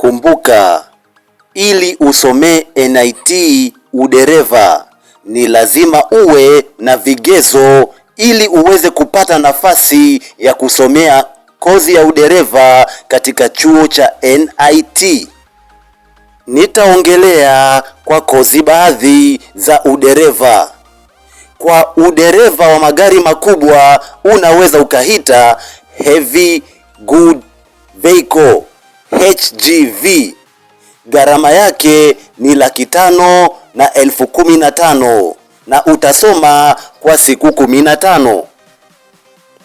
Kumbuka, ili usomee NIT udereva ni lazima uwe na vigezo ili uweze kupata nafasi ya kusomea kozi ya udereva katika chuo cha NIT. Nitaongelea kwa kozi baadhi za udereva. Kwa udereva wa magari makubwa unaweza ukahita heavy good vehicle HGV gharama yake ni laki tano na elfu kumi na tano na utasoma kwa siku kumi na tano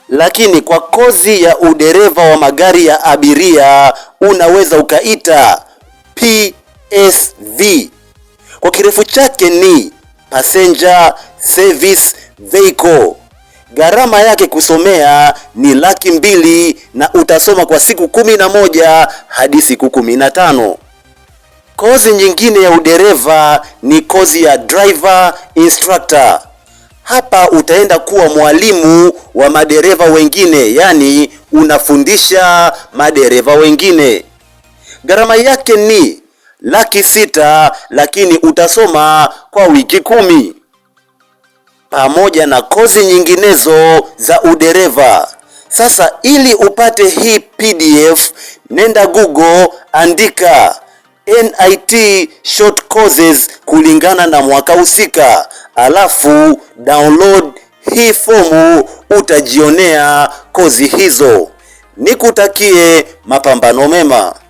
lakini kwa kozi ya udereva wa magari ya abiria unaweza ukaita PSV kwa kirefu chake ni passenger service vehicle gharama yake kusomea ni laki mbili na utasoma kwa siku kumi na moja hadi siku kumi na tano. Kozi nyingine ya udereva ni kozi ya driver instructor. Hapa utaenda kuwa mwalimu wa madereva wengine, yaani unafundisha madereva wengine. Gharama yake ni laki sita, lakini utasoma kwa wiki kumi pamoja na kozi nyinginezo za udereva. Sasa ili upate hii PDF, nenda Google, andika NIT short courses kulingana na mwaka husika, alafu download hii fomu, utajionea kozi hizo. Nikutakie mapambano mema.